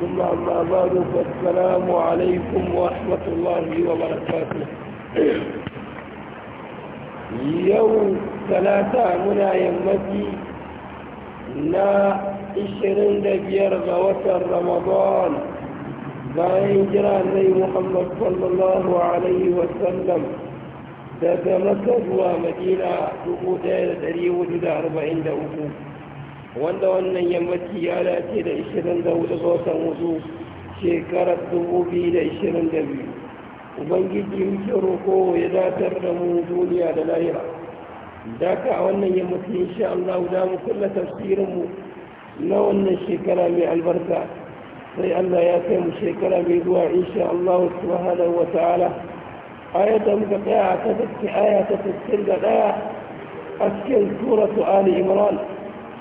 ثم أما بعد فالسلام عليكم ورحمة الله وبركاته يوم ثلاثة منا يمتي لا إشرين دبير غوة رمضان bayan jira nai muhammad sallallahu alaihi wasallam daga maka zuwa madina 1443 wanda wannan yammaci ya dace da 24 ga watan hudu shekarar 2022 ubangiji muke roko ya datar da mu duniya da lahira daga wannan yammaci insha Allah da mu kulla mu na wannan shekara mai albarka sai Allah ya kai mu shekara mai zuwa insha Allah subhanahu wa ta'ala ayata muka tsaya ta tafi ayata ta tafsir da daya a cikin suratu ali imran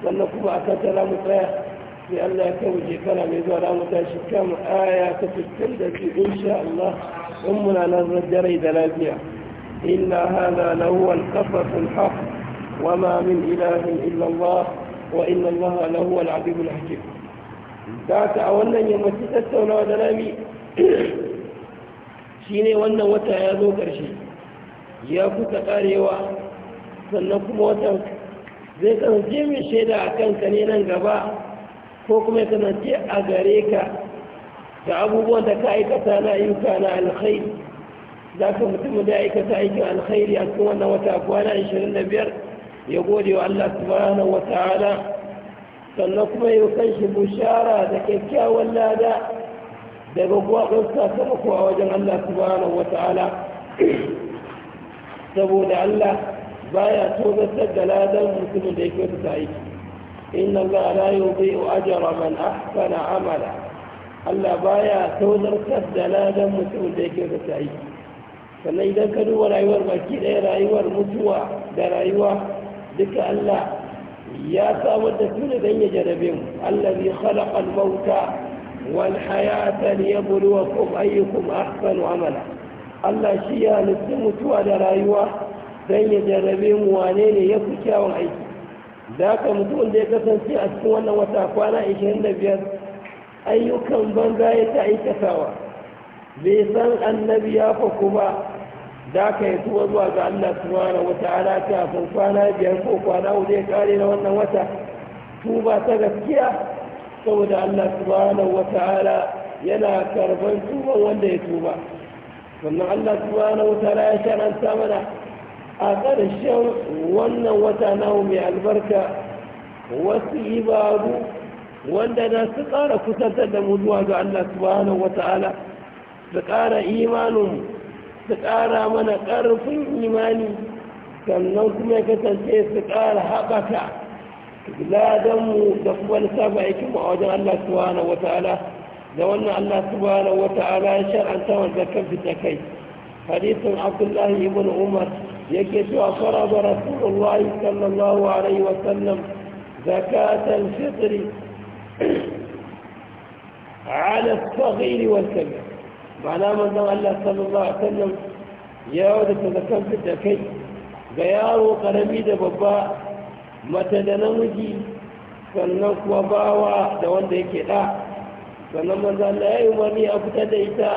لأنكم أعطت لهم فيها لأن لا توجه كلام إذن لهم تشكام آيات تتلد إن شاء الله أمنا نظر الجريد لازمها إن هذا لهو القصص الحق وما من إله إلا الله وإن الله لهو العديد الحجيب دعت أولا يوم ستة ولا دلامي شيني وانا وتا يا ذوكر شي يا فتقاري وا سنكم وتا zai kasance mai shaida a kanka ne nan gaba ko kuma ya kasance a gare ka da abubuwan da ka aikata na ayyuka na alkhairi za ka mutum da aikata aikin alkhairi a cikin wannan wata kwana 25 ya gode wa Allah subhanahu wa ta'ala sannan kuma ya kan shi bushara da kyakkyawan lada daga gwaɗin sakamako a wajen Allah subhanahu wa ta'ala saboda Allah baya tozartar da ladan mutumin da ya kyautata aiki inna Allah la yudhi'u ajra man ahsana amala Allah baya tozartar da ladan mutumin da ya kyautata aiki sannan idan ka duba rayuwar baki ɗaya rayuwar mutuwa da rayuwa duka Allah ya samar da su ne don ya jarabe mu Allah zai khalaqa al-mauta wal hayata liyabluwakum ayyukum ahsanu amala Allah shi ya halitta mutuwa da rayuwa don ya jarrabe mu wane ne ya fi kyawun aiki Za ka mutum da ya kasance a cikin wannan wata kwana 25 ayyukan banza ya ta aikatawa bai san annabi ya fa ba Za ka yi tuwa zuwa ga Allah subhanahu ta? kafin kwana biyar ko kwana hudu ya kare na wannan wata tuba ta gaskiya saboda Allah subhanahu Ala yana karban tuban wanda ya tuba sannan Allah subhanahu Ala ya sharanta mana a ƙarshen wannan wata namu mai albarka wasu ibaru wanda na su ƙara kusantar da mu zuwa ga Allah subhanahu wata'ala su ƙara imanin su ƙara mana ƙarfin imani sannan kuma ya kasance su ƙara haɓaka ladanmu da kuma lissafa aikinmu a wajen Allah subhanahu wata'ala da wannan Allah subhanahu wata'ala ya shar'anta wanda kan fita kai hadisin Abdullahi ibn Umar yake cewa faraba rasulullah sallallahu alaihi wasallam zakatan fitri ala as-saghir wal kabir ma'ana manzon Allah sallallahu alaihi wasallam ya wada zakatan fitri kai ga yaro karami da babba mata da namiji sannan kuma bawa da wanda yake da sannan manzan da ya yi umarni a fitar da ita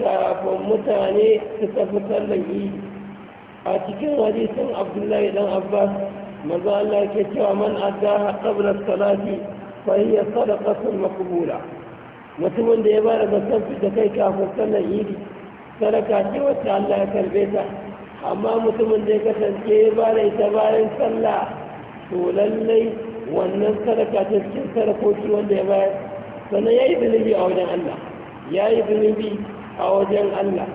kafin mutane su tafi sallan yi a cikin hadisin abdullahi dan abbas manzo Allah yake cewa man addaha qabla salati fa hiya sadaqatu maqbula mutumin da ya bada zakar da kai kafin sallar idi sadaka ce wacce Allah ya karbe ta amma mutumin da ya kasance ya bada ita bayan sallah to lallai wannan sadaka ta cikin sadakoki wanda ya bayar sannan ya yi zunubi a wajen Allah ya yi zunubi a wajen Allah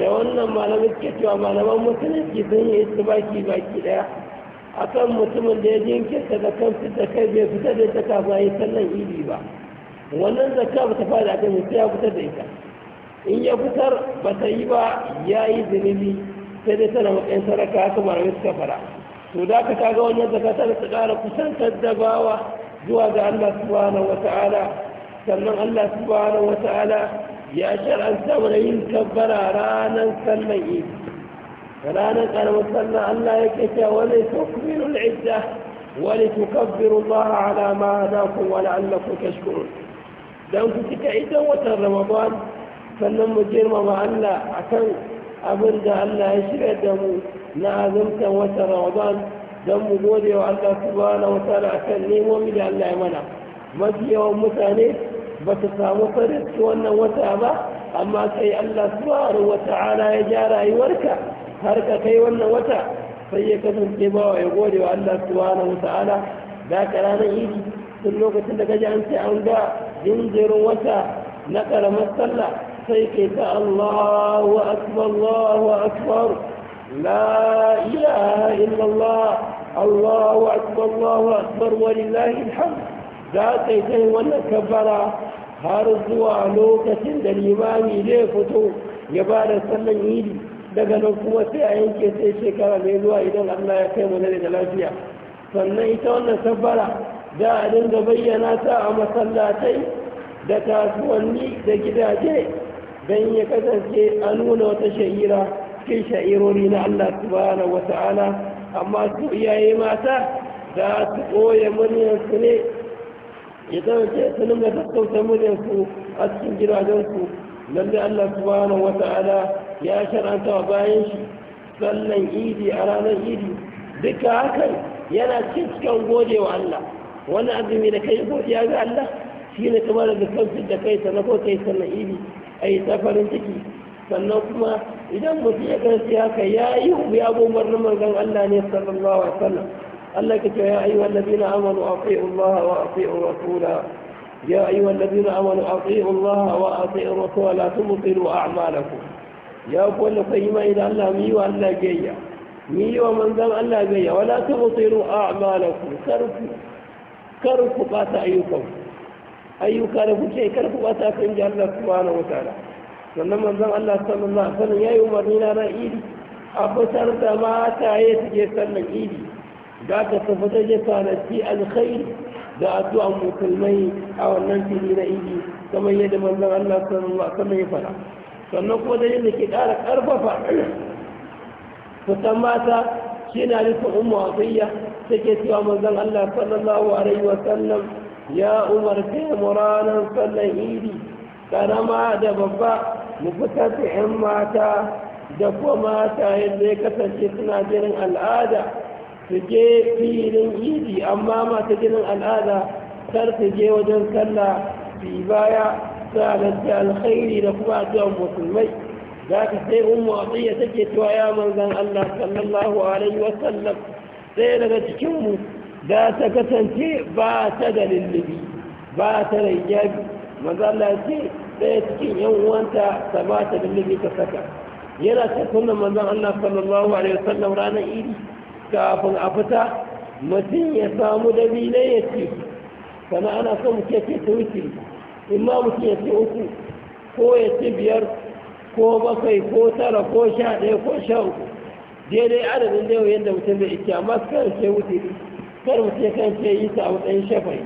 da wannan malamin ke cewa malaman musulunci sun yi su baki baki daya akan mutumin da ya jinkirta da kansu da kai bai fitar da ita kafin yi sannan ba wannan zakka ba ta fada akan mutum ya fitar da ita in ya fitar ba ta yi ba ya yi zunubi sai dai tana matsayin saraka haka mara suka fara to da ka kaga wannan zakka tana ta ƙara kusantar da bawa zuwa ga Allah subhanahu wata'ala sannan Allah subhanahu wata'ala ya shar'anta mana yin kabbara ranar sallan yi. ranar karamar sallar allah ya kace wani tukminul idda wani tukabbiru allaha ala ma wani Allah la'allakum tashkurun dan ku cika idan watan ramadan sannan mu girmama allah akan abin da allah ya shirya da mu na azumtan watan ramadan don mu gode wa allah subhanahu wa ta'ala akan nemomi da allah ya mana mafi yawan mutane ba su samu farin wannan wata ba amma kai Allah subhanahu wa ya ja rayuwarka har ka kai wannan wata sai ya kasance bawa ya gode wa Allah subhanahu wa da ka ranar idi tun lokacin da gaji an sai an ga jinjirin wata na karamar sallah sai kai ta Allahu akbar Allahu akbar la ilaha illallah Allahu akbar Allahu akbar walillahi alhamd za ka yi kai wannan kabbara har zuwa lokacin da limami zai fito ya ba da sallan idi daga nan kuma sai a yanke sai shekara mai zuwa idan allah ya kai mana da lafiya sannan ita wannan kabbara za a dinga bayyana ta a masallatai da kasuwanni da gidaje don ya kasance a nuna wata shahira cikin sha'irori na allah subhanahu ta'ala amma su iyaye mata za su ɓoye su ne ya kasance su dinga sassauta muryansu a cikin gidajensu lalle Allah subhanahu wata'ala ya shar'anta wa bayan shi sallan idi a ranar idi duka hakan yana cikin gode wa Allah wani azumi da kai godiya ga Allah shi ne kamar da kansu da kai sannan ko kai sannan idi a yi ta farin ciki sannan kuma idan mutum ya kansu haka ya yi ya gomar na gan Allah ne sallallahu alaihi wasallam الله كتب يا أيها الذين آمنوا أطيعوا الله وأطيعوا الرسول يا أيها الذين آمنوا أطيعوا الله وأطيعوا الرسول لا تبطلوا أعمالكم يا أقول فيما إذا الله مي وألا جيا مي ومن ذم ألا جيا ولا تبطلوا أعمالكم كرفوا كرفوا قات أيكم أيك كرفوا شيء كرفوا قات أكرم جل سبحانه وتعالى sannan manzon Allah sallallahu alaihi wasallam yayi umarni na ran idi a fitar da mata ya suke sallan idi da aka tabbatar da kwanaki alkhairi da addu'an musulmai a wannan fili na idi kamar yadda manzon Allah sallallahu alaihi ya fara sannan kuma da yadda ke ƙara ƙarfafa fitan mata shi na nufin umma wasiyya take cewa manzon Allah sallallahu alaihi sallam ya umarce mu ranar sallan idi karama da babba mu fitar da 'yan mata da kuma mata yadda ya kasance suna jirin al'ada su je filin idi amma mata jinin al'ada kar su je wajen sallah fi baya sa'adar da alkhairi da kuma addu'an musulmai za ka sai ummu atiyya take cewa ya manzan Allah sallallahu alaihi wa sallam sai daga cikin mu da ta kasance ba ta da lullubi ba ta da hijabi maza Allah ce ɗaya cikin yan uwanta ta ba ta lullubi ta saka yana ta sunna manzan Allah sallallahu alaihi wa sallam ranar idi kafin a fita mutum ya samu dabinai ya ce sana ana son mutum ya ce ta wuce in ma mutum ya ce uku ko ya ce biyar ko bakwai ko tara ko sha ɗaya ko sha uku daidai adadin da yau yadda mutum bai ike amma kan ce wuce kar mutum ya kan ce yi ta a matsayin shafai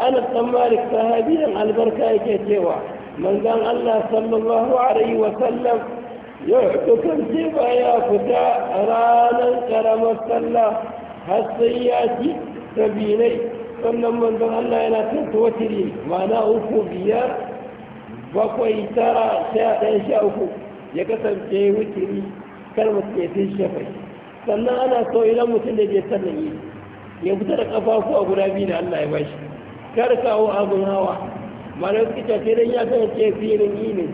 ana tsammanin sahabiyan albarka yake cewa manzan allah sallallahu alaihi wasallam dukan ba ya fita a ranar karamar sallah har sai ya ci binai. sannan manzon Allah yana kanta watiri mana uku biyar bakwai tara sha ɗaya sha uku ya kasance wutiri kalmar tsetin shafai sannan ana so idan mutum da bai sannan yi ya fita da kafafu a guda biyu da Allah ya bashi kar kawo abin hawa malar kita ce ya kasance filin yi ne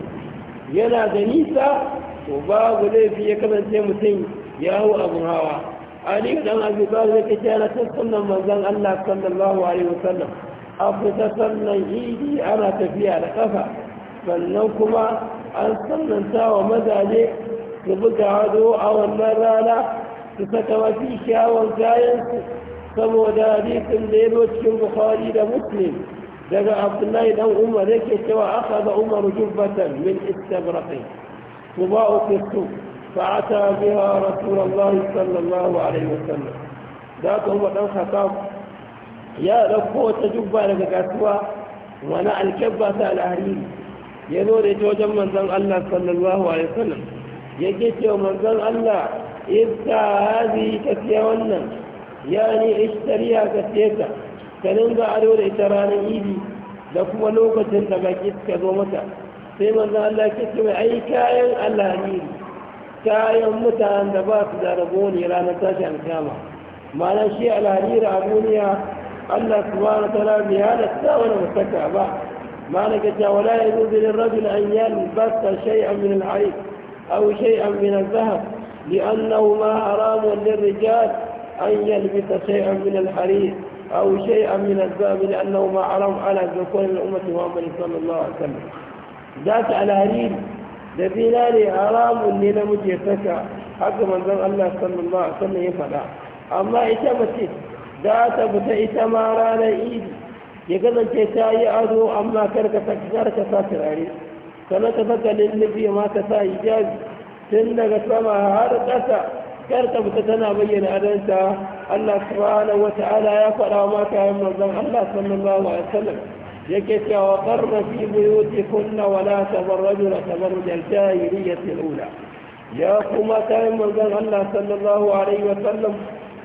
yana da nisa to babu laifi ya kasance mutum ya hau abin hawa ali dan abi ba zai kace ana ta sunnan manzon Allah sallallahu alaihi wasallam abu ta sannan idi ana tafiya da kafa sannan kuma an sannanta wa mazaje su buga hado a wannan rana su saka mafi kyawun kayansu saboda hadisin da ya zo cikin bukhari da muslim daga abdullahi dan umar yake cewa aka da umar jubbatan min istabraqi قباء قسطس فأتى بها رسول الله صلى الله عليه وسلم ذات هو دان خطاب يا لكو تجبا لك كاسوا وانا الكبة الأهلي يدور جوجا من ذن الله صلى الله عليه وسلم يجيت يوم من ذن الله ابتع هذه كثيرا يعني اشتريها كثيرا كننزع على الإتران إيدي لكو لوكة تبكيت كذومتها سيما ان الله كتب اي كائن الا جيل كائن متى ان دبات داربوني لا نتاج عن كامه ما لا شيء على هنير ابوني الا سبحانه وتعالى بهذا الثور المتكع بعد ما نكتب ولا يجوز للرجل ان يلبس شيئا من الحيط او شيئا من الذهب لانه ما حرام للرجال ان يلبس شيئا من الحرير او شيئا من الذهب لانه ما حرام على ذكور الامه محمد صلى الله عليه وسلم ذات الهرير da zinare haramun ne na muke saka haka manzon Allah sallallahu alaihi ya faɗa amma ita mace za ta fita ita ma ranar idi ya kasance ta yi ado amma karka ka sa turare sannan ka saka lullubi ma ka sa hijabi tun daga sama har ƙasa karka fita tana bayyana adanta Allah subhanahu wa ta'ala ya faɗa ma kayan manzon Allah sallallahu alaihi wasallam yake cewa qarra fi buyutikunna wa la tabarrajna tabarruj al-jahiliyyah al-ula ya kuma kai manzon Allah sallallahu alaihi wa sallam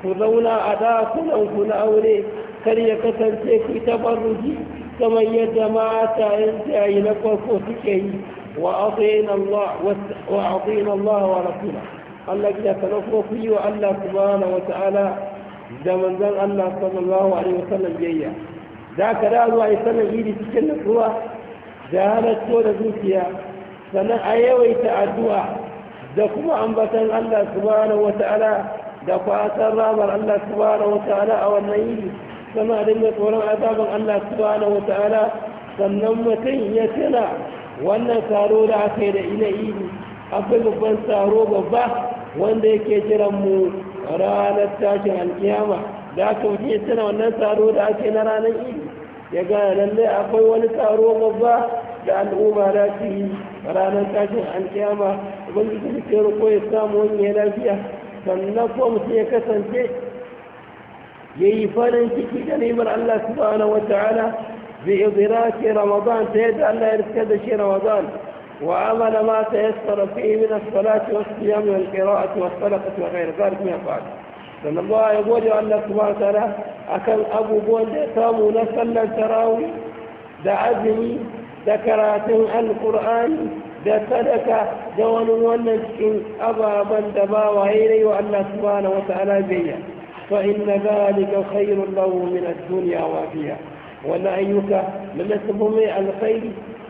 ku zauna a dakunan ku na aure kar ya kasance ku tabarruji kamar yadda mata yan jayi na farko suke yi wa atina Allah wa atina Allah wa rasulahu Allah ya sanako ku yi wa Allah subhanahu wa ta'ala da manzon Allah sallallahu alaihi wa sallam yayya za ka da zuwa yi sallar cikin nutsuwa da halatto da zuciya sannan a yawaita addu'a da kuma ambatan Allah subhanahu wata'ala da fatan ramar Allah subhanahu wata'ala a wannan yini sama a dinga tsoron azabin Allah subhanahu wata'ala sannan mutum ya tana wannan taro da aka yi da ina yini akwai babban taro babba wanda yake jiran mu ranar tashin alkiyama da aka ya tana wannan taro da aka yi na ranar idi يقال لي أخوي ولتأروا مضاه لأن أوما لا فيه فلا ننتاجه عن قيامة وقل لك تذكر أخوي السام وإني لا فيه فالنفو مسيكة سنتي يفعل أنت في جنيم الله سبحانه وتعالى بإضراك رمضان تهد الله لا يرسكد شي رمضان وعمل ما تيسر فيه من الصلاة والصيام والقراءة والصلقة وغير ذلك من أفعال الله يقول أن الله سبحانه وتعالى أكن أبو بوجه تامو نسل تراوي دا عزمي دا كراتن القرآن دا صدكة دا ونوانسكن أبا بندبا وعيري وأن سبحانه وتعالى بيا فإن ذلك خير له من الدنيا وفيها وأن أيك من سبهمي الخير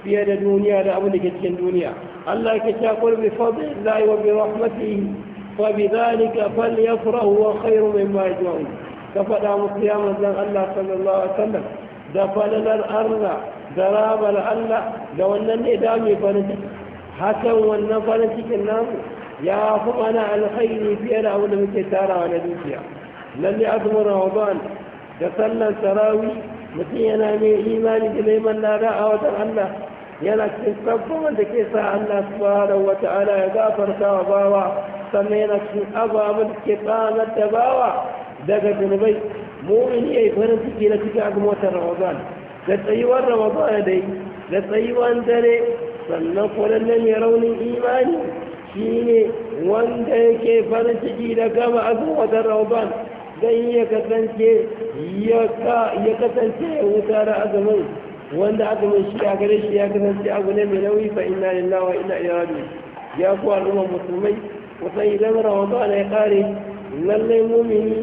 في هذا الدنيا لا أبدا كتكن دنيا الله كتاقول بفضل الله وبرحمته فبذلك فليفرأ هو خير مما يجوعون ka faɗa musu ya manzan Allah sallallahu alaihi wasallam da falalar Allah da rabar Allah da wannan ne da mai farin ciki hakan wannan farin cikin namu ya fi mana alkhairi fiye da abin da muke tarawa na dukiya lalle azumin ramadan da sallar sarawi mutum yana mai imani da neman lada a watan Allah yana cikin sabbin da ke sa Allah subhanahu wa ta'ala ya gafarta wa bawa sannan yana cikin ababen da ke tsanar da bawa daga zunubai mu'mini ya yi farin ciki na cikin azumin watan ramadan da tsayuwar ramadan da yi da tsayuwar dare sannan kwanan mai raunin imani shi ne wanda yake farin ciki da gama azumin watan ramadan don ya kasance ya kasance ya wuta da azumin wanda azumin shi a gare shi ya kasance abu ne mai nauyi fa inna lillahi wa inna ilaihi raji'un ya ku al'umma musulmai kusan idan ramadan ya kare lallai mumini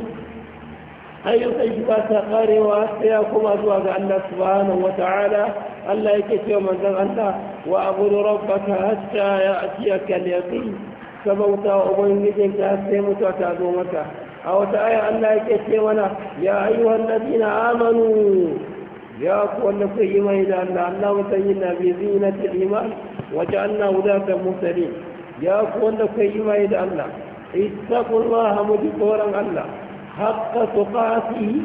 ayyukan shi ba ta karewa sai ya kuma zuwa ga Allah subhanahu ta'ala Allah yake cewa manzon Allah wa abudu rabbaka hatta ya'tiyaka al-yaqin sabauta ka sai mutuwa ta zo maka a wata aya Allah yake ce mana ya ayyuhan ladina amanu ya ku wanda ku mai da Allah Allah na bi al iman wa ja'alna hudatan muhtadin ya ku wanda ku mai da Allah ittaqullaha mujiboran Allah haqqa tuqatihi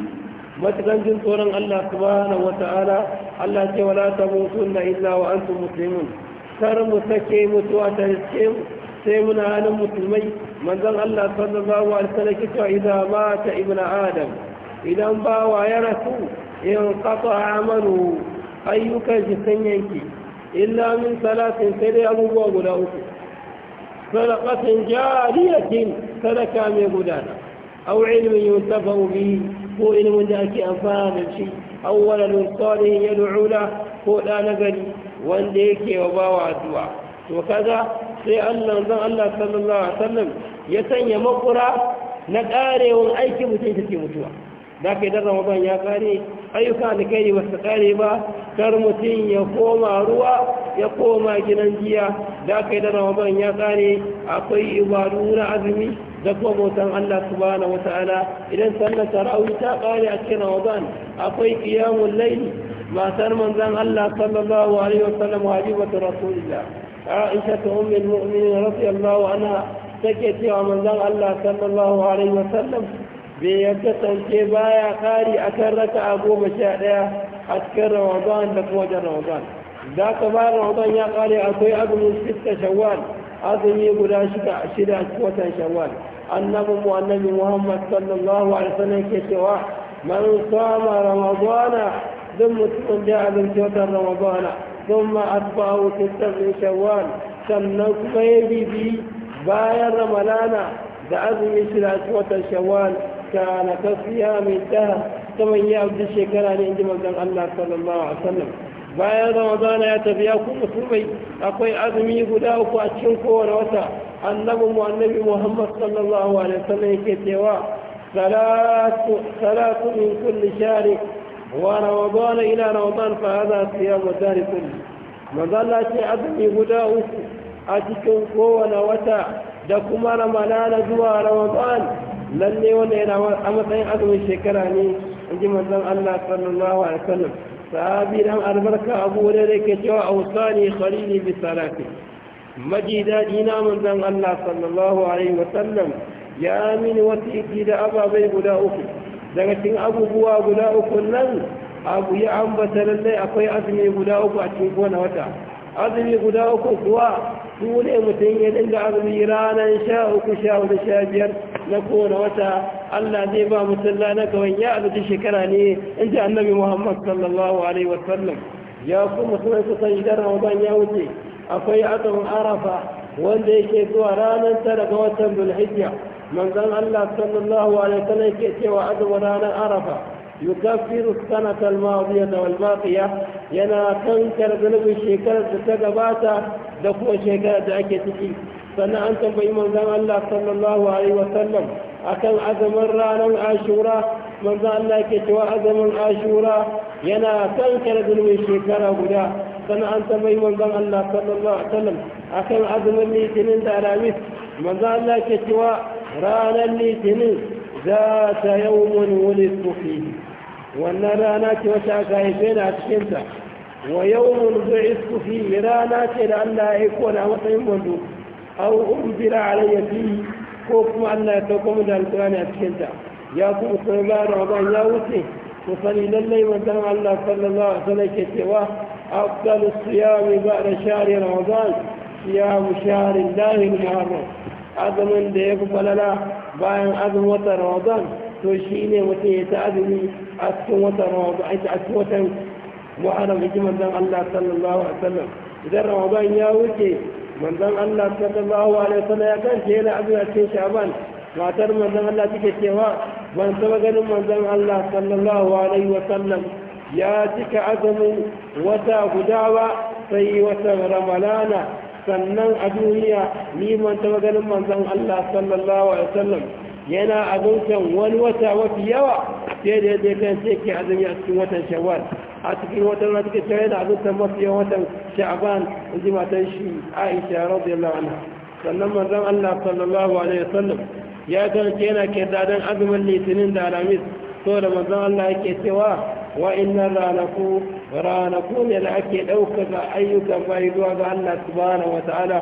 matukan jin tsoron Allah subhanahu wata'ala Allah ce wala tamutunna illa wa antum kar mu sake mutuwa ta riske mu sai muna halin musulmai manzon Allah sallallahu alaihi wasallam kita idza mata ibnu adam idan bawa ya rasu in qata amalu ayyukan shi sun yanki illa min salatin sai dai abubuwa guda uku sadaqatin jariyatin sadaka mai gudana أو علم ينتفع به هو علم ذاك أنفان شيء أولا ولد صالح يدعو له هو لا نقل وانديك وباوع الدعاء وكذا سي الله صلى الله عليه وسلم يسن مقرى نقاري ونأيك متيتك متوى ذاك إذا رمضان يا قاري أي كان كيري واستقاري با كرمتين يقوم روى يقوم جنانجيا ذاك إذا رمضان يا قاري أقوي إبارون عظمي da kuma bautan Allah subhanahu wata'ala idan sallar tarawih ta kare a cikin Ramadan akwai qiyamul layl matar manzon Allah sallallahu alaihi wasallam habibatu rasulillah Aisha ta ummul mu'minin radiyallahu anha take cewa manzon Allah sallallahu alaihi Sallam bai ya kasance baya kari raka a goma sha ɗaya a cikin Ramadan da kuma wajen Ramadan ذاك بعد ya kare akwai أكوي أقل ستة شوال أظن يقول شكا شدا watan شوال annabin mu annabi muhammad sallallahu alaihi wasallam ke cewa man sama ramadana duk mutumin da ya watan ramadana ثم أتبعه ستة من شوال sannan kuma ya bibi bayan ramadana da azumi shida watan shawwal kana kasiya mai daha saman ya abdi shekara ne inji manzon Allah sallallahu alaihi wasallam bayan ramadana ya tafiya ku musulmai akwai azumi guda uku a cikin kowane wata annabin mu annabi muhammad sallallahu alaihi wasallam yake cewa salatu salatu min kulli shari wa ramadan ila ramadan fa hadha siyam dar kulli manzala ce azumi guda uku a cikin kowane wata da kuma ramadana zuwa ramadan lalle wanda yana a matsayin azumin shekara ne in ji manzon Allah sallallahu alaihi wasallam sahabi dan albarka abu da yake cewa ausani khalili bi salati maji daɗi na manzan Allah sallallahu alaihi wasallam ya mini wasiki da ababai guda uku daga cikin abubuwa guda uku nan abu ya ambata lallai akwai azumi guda uku a cikin kowane wata azumi guda uku kuwa su ne mutum ya dinga azumi ranar sha uku sha wani sha biyar na kowane wata Allah zai ba mutum na kawai ya azuci shekara ne in ji annabi Muhammad sallallahu alaihi wasallam ya kuma sunan su san idan Ramadan ya wuce akwai azumin arafa wanda yake zuwa ranar tara ga watan zulhijja manzon Allah sallallahu alaihi wasallam yake cewa azumin ranar arafa yukafiru sanata al-madiyata wal baqiya yana kankar zunubin shekarar da ta gabata da kuma shekarar da ake ciki sannan an tambayi manzon Allah sallallahu alaihi wasallam akan azumin ranar ashura manzan Allah yake cewa azumin ashura yana kankar zunubin shekara guda sannan an tambayi manzon Allah sallallahu alaihi wasallam akan azumin litinin da alamis manzon Allah ke cewa ranar litinin za ta yawmun wulidtu fihi wannan rana ce wacce aka haife ni a cikin ta wa yawmun bu'ithu fihi rana ce da Allah ya aiko na matsayin manzo aw unzira alayya fihi ko kuma Allah ya sauko mu da alkurani a cikin ta ya kuma sai ba ya wuce ku sani lallai manzan Allah sallallahu alaihi wasallam ke cewa أفضل الصيام بعد شهر رمضان صيام شهر الله المحرم azumin da ya fi falala bayan azumin watan ramadan to shi ne mutum ya ta azumi a cikin watan ramadan a cikin watan muharram ji manzon Allah sallallahu alaihi wasallam idan ramadan ya wuce manzon Allah sallallahu alaihi wasallam ya kance yana azumi a cikin sha'ban matar manzon Allah take cewa ban saba ganin manzon Allah sallallahu alaihi ya cika azumin wata guda ba sai watan ramalana sannan a duniya neman ta maganin manzon Allah sallallahu alaihi wasallam yana abincin wani wata mafi yawa sai da yadda kan sai ke azumi a cikin watan shawwal a cikin watan na cikin shawwal yana abincin mafi yawan watan Sha'aban, in ji matan shi aisha radiyallahu anha sannan manzon Allah sallallahu alaihi wasallam ya kan yana kirdadan azumin litinin da alamis to da manzon Allah yake cewa wa'innan ranaku ranaku ne da ake ɗaukaka ayyukan bayi zuwa ga Allah subhanahu wa ta'ala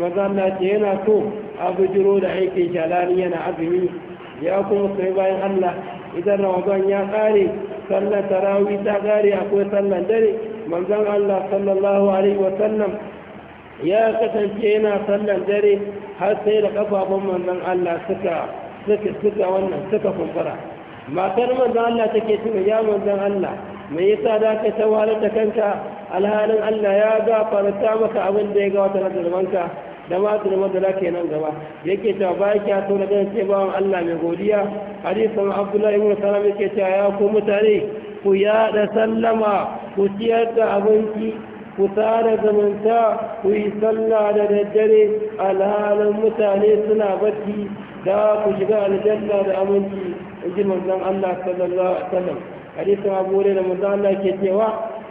maza ce yana so a bujiro da aikin shalani yana azumi ya kuma kai bayan Allah idan Ramadan ya ƙare sallar tarawih ta ƙare akwai sallar dare manzon Allah sallallahu alaihi wa sallam ya kasance yana sallar dare har sai da kafafun manzon Allah suka suka suka wannan suka matar manzan Allah take tuna ya manzan Allah mai yasa da ka tawalar da kanka alhalin Allah ya gafarta maka abin da ya ga wata nazarmanka da ma zurman da zaka nan gaba yake cewa bayan kya so na ganin bawan Allah mai godiya hadisin Abdullahi ibn Salam yake cewa ya ku mutane ku yada sallama ku ciyar da abinci ku tsara zamanta ku yi sallah da daddare alhalin mutane suna bacci da ku shiga aljanna da aminci in ji Allah sallallahu alaihi wasallam ma bore da Allah ke cewa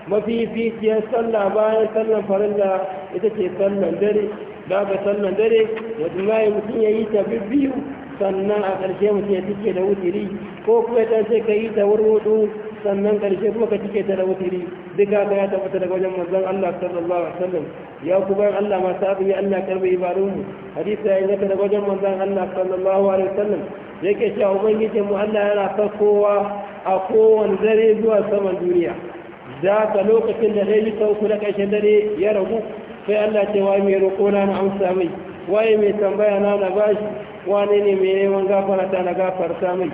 mafificiyar sallah bayan sallan farilla ita ce sallan dare da ga sallan dare wajimai mutum ya yi ta biyu sannan a ƙarshe mutum ya tike da wutiri ko kuma ta ce ka yi ta wurwudu sannan karshe kuma ka cike ta da wutiri Duk haka ya tabbata daga wajen manzon Allah sallallahu alaihi wasallam ya ku bayan Allah ma sabin ya Allah karbe ibadun mu hadisi ya ingata daga wajen manzon Allah sallallahu alaihi wasallam yake cewa ubangiji mu Allah yana ta kowa a kowane dare zuwa saman duniya da ka lokacin da zai yi sauku na karshen dare ya ragu sai Allah ce wa mai roƙona na amsa mai waye mai tambaya na na bashi wane ne mai neman gafarata na gafarta mai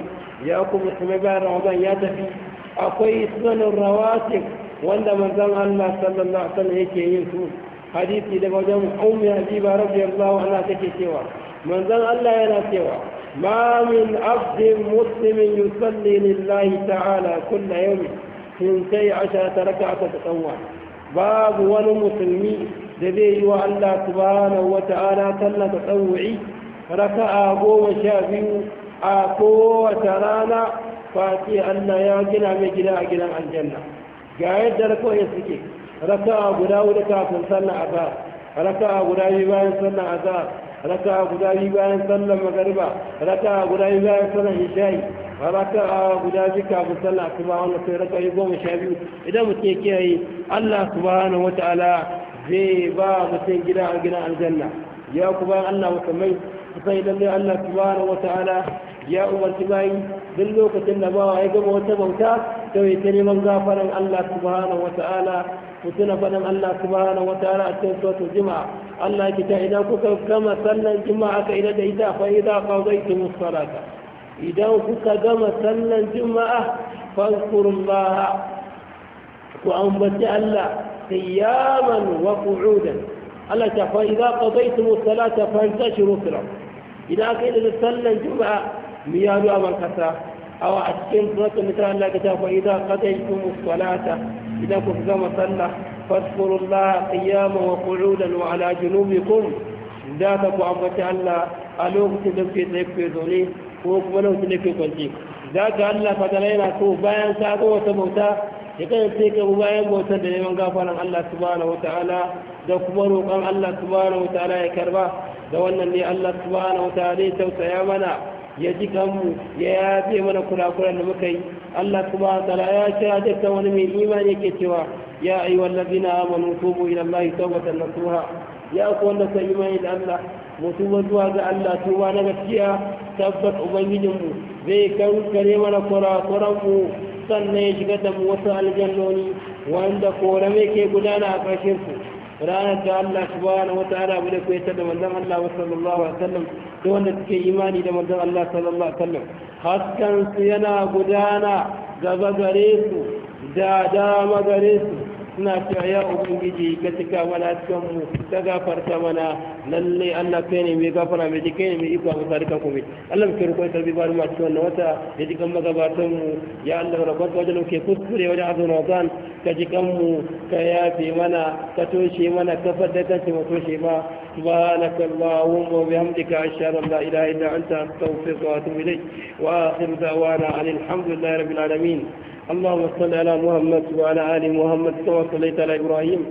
ya ku musulmai bayan ramadan ya tafi akwai sunanin rawatik wanda manzon Allah sallallahu alaihi wasallam yake yin su hadisi daga wajen ummi habiba radiyallahu anha take cewa manzon Allah yana cewa ma min abdin muslimin yusalli lillahi ta'ala kullu yawmin tuntai asharata tarakata tatawwa babu wani musulmi da zai yi wa Allah subhanahu wata'ala sallah tatawwi raka'a goma sha biyu a kowace rana fati Allah ya gina mai gida a gidan aljanna ga yadda rakoyin suke raka'a guda wuda kafin sallar azhar raka'a guda biyu bayan sallar azhar raka'a guda biyu bayan sallar magariba raka'a guda biyu bayan sallar isha'i raka'a guda biyu kafin sallar asuba wannan sai raka'a goma sha biyu idan mutum ya kiyaye Allah subhanahu ala zai ba mutum gida a gidan aljanna ya kuma Allah musamman sai lalle Allah subhanahu ta'ala ya umarci bayi duk lokacin da bawa ya gaba wata bauta ta ya ta neman gafaran Allah subhanahu wata'ala ku tuna faɗin Allah subhanahu wata'ala a cikin suratul juma'a Allah ya ta idan kuka gama sallan juma'a ka idan da ita fa idan qadaytum as-salata idan kuka gama sallan juma'a fadhkurullaha ku ambaci Allah qiyaman wa qu'udan Allah ta fa idan qadaytum as-salata fantashiru fil ard idan aka yi da sallan juma'a mun yi kasa awa a cikin sunatun mutum Allah ta tafa idan kadai kun salata idan ku gama sallah fasfurullah qiyama wa qu'udan wa ala junubikum da ta ku ambata Allah a lokacin da kuke tsaye kuke zaune ko kuma lokacin da kuke kwanci da ga Allah fa dala yana so bayan ta ga wata bauta ya kai sai ka bu bayan bautar da neman gafaran Allah subhanahu wataala da kuma roƙon Allah ya karba da wannan ne Allah subhanahu wataala ya tausaya mana ya ji kanmu ya yafe mana kurakuran da muka yi Allah kuma ta'ala ya kira dukkan wani mai imani yake cewa ya ayyuhal ladina amanu tubu ila Allah tawbatan nasuha ya ku wanda sai imani da Allah mutuba zuwa ga Allah tuba na gaskiya tabbat mu zai kankare mana mu sannan ya shiga da mu wasu aljannoni wanda korame ke gudana a ƙarshen ku? ranar da Allah wani wata abu da kuwa da manzon Allah sallallahu alaihi wasallam da wanda suke imani da manzon Allah sallallahu alaihi wasallam haskansu su yana gudana gaba gare su da dama gare su suna cewa ya ubangiji ka cika mana cikin mu ka gafarta mana lalle Allah kai ne mai gafara mai jike ne mai iko amsa ka kome Allah ke rukun sarbi bari masu wannan wata ya ji kan magabatan mu ya Allah rabbaka wajen ke kuskure wajen azun Ramadan ka ji mu ka yafe mana ka toshe mana ka fadda ka ce ma toshe ma سبحانك اللهم وبحمدك أشهد أن لا إله إلا أنت أستغفرك وأتوب إليك وآخر دعوانا عن الحمد لله رب العالمين اللهم صل على محمد وعلى آل محمد كما صليت على إبراهيم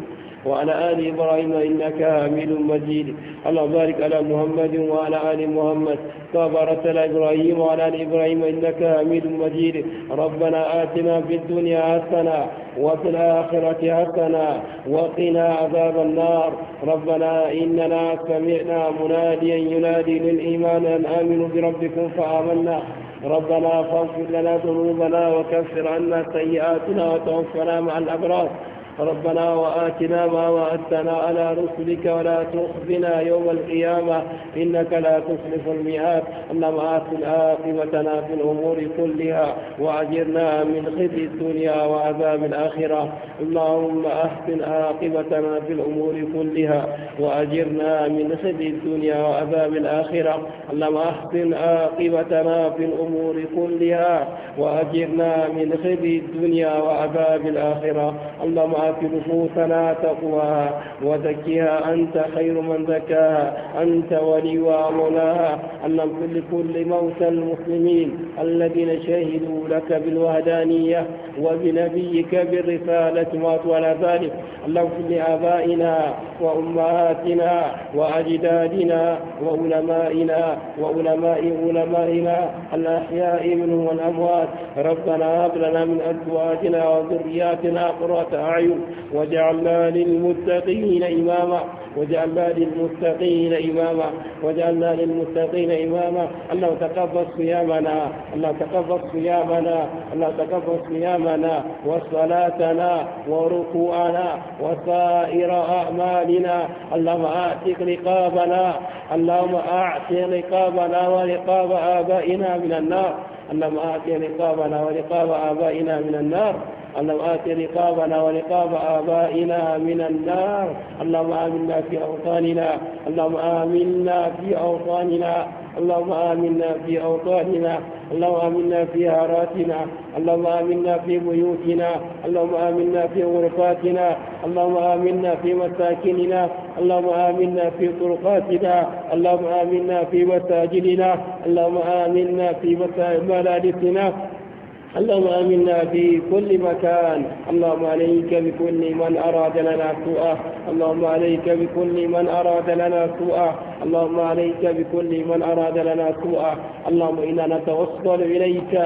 وعلى آل إبراهيم إنك حميد مجيد اللهم بارك على محمد وعلى آل محمد كما باركت على إبراهيم وعلى آل إبراهيم إنك حميد مجيد ربنا آتنا في الدنيا حسنة وفي الآخرة حسنة وقنا عذاب النار ربنا إننا سمعنا مناديا ينادي للإيمان أن آمنوا بربكم فآمنا ربنا فاغفر لنا ذنوبنا وكفر عنا سيئاتنا وتوفنا مع الأبرار ربنا وآتنا ما وعدتنا على رسلك ولا تخزنا يوم القيامة إنك لا تخلف الميعاد اللهم أحسن عاقبتنا في الأمور كلها وأجرنا من خزي الدنيا وعذاب الآخرة اللهم أحسن عاقبتنا في الأمور كلها وأجرنا من خزي الدنيا وعذاب الآخرة اللهم أحسن عاقبتنا في الأمور كلها وأجرنا من خزي الدنيا وعذاب الآخرة اللهم وآت فلا تقوى وزكها أنت خير من زكاها أنت وليها مولاها اللهم لكل موتى المسلمين الذين شهدوا لك بالوهدانية وبنبيك بالرسالة ما طول ذلك اللهم صل لآبائنا وأمهاتنا وأجدادنا وعلمائنا وعلماء علمائنا الأحياء منهم والأموات ربنا هب لنا من أزواجنا وذرياتنا قرة أعين وجعلنا للمتقين إماما وجعلنا للمتقين إماما وجعلنا للمتقين إماما الله تقبل صيامنا الله تقبل صيامنا الله تقبل صيامنا وصلاتنا وركوعنا وسائر أعمالنا اللهم أعتق رقابنا اللهم أعتق رقابنا ورقاب آبائنا من النار اللهم أعتق رقابنا ورقاب آبائنا من النار اللهم آت رقابنا ورقاب آبائنا من النار اللهم آمنا في أوطاننا اللهم آمنا في أوطاننا اللهم آمنا في أوطاننا اللهم آمنا في هاراتنا اللهم آمنا في بيوتنا اللهم آمنا في غرفاتنا اللهم آمنا في مساكننا اللهم آمنا في طرقاتنا اللهم آمنا في مساجدنا اللهم آمنا في ملابسنا اللهم امنا في كل مكان اللهم عليك بكل من اراد لنا سوءا اللهم عليك بكل من اراد لنا سوءا اللهم عليك بكل من أراد لنا سوءا اللهم إنا نتوصل إليك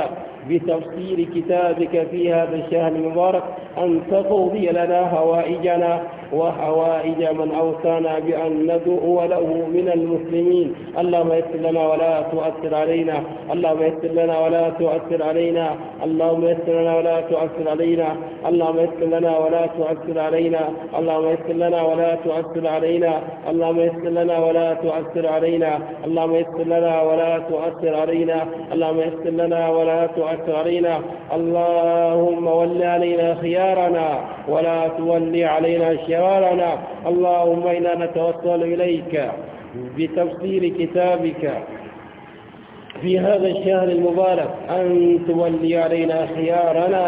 بتفسير كتابك في هذا الشهر المبارك أن تقضي لنا هوائجنا وحوائج من أوصانا بأن ندعو له من المسلمين اللهم يسر لنا ولا تؤثر علينا اللهم يسر لنا ولا تؤثر علينا اللهم يسر لنا ولا تؤثر علينا اللهم يسر لنا ولا تؤثر علينا اللهم يسر لنا ولا تؤثر علينا اللهم يسر لنا ولا تؤثر علينا اللهم يسر لنا ولا تؤثر علينا اللهم يسر لنا ولا تؤثر علينا اللهم ول علينا خيارنا ولا تولي علينا شرارنا اللهم إنا نتوسل إليك بتفسير كتابك في هذا الشهر المبارك أن تولي علينا خيارنا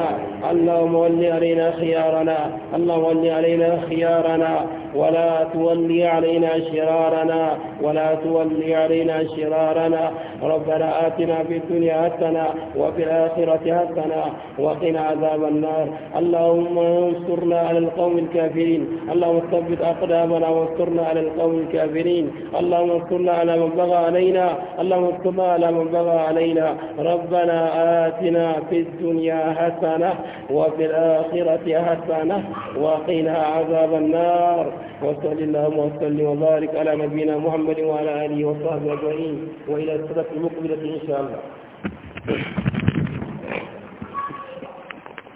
اللهم ولي علينا خيارنا اللهم ولي علينا خيارنا ولا تولي علينا شرارنا ولا تولي علينا شرارنا ربنا آتنا في الدنيا حسنة وفي الآخرة حسنة وقنا عذاب النار اللهم انصرنا على القوم الكافرين اللهم ثبت أقدامنا وانصرنا على القوم الكافرين اللهم انصرنا على من بغى علينا اللهم انصرنا على من بغى علينا ربنا آتنا في الدنيا حسنة وفي الآخرة حسنة وقنا عذاب النار وصل اللهم وسلم وبارك على نبينا محمد وعلى آله وصحبه أجمعين وإلى السنة المقبلة إن شاء الله Thank you.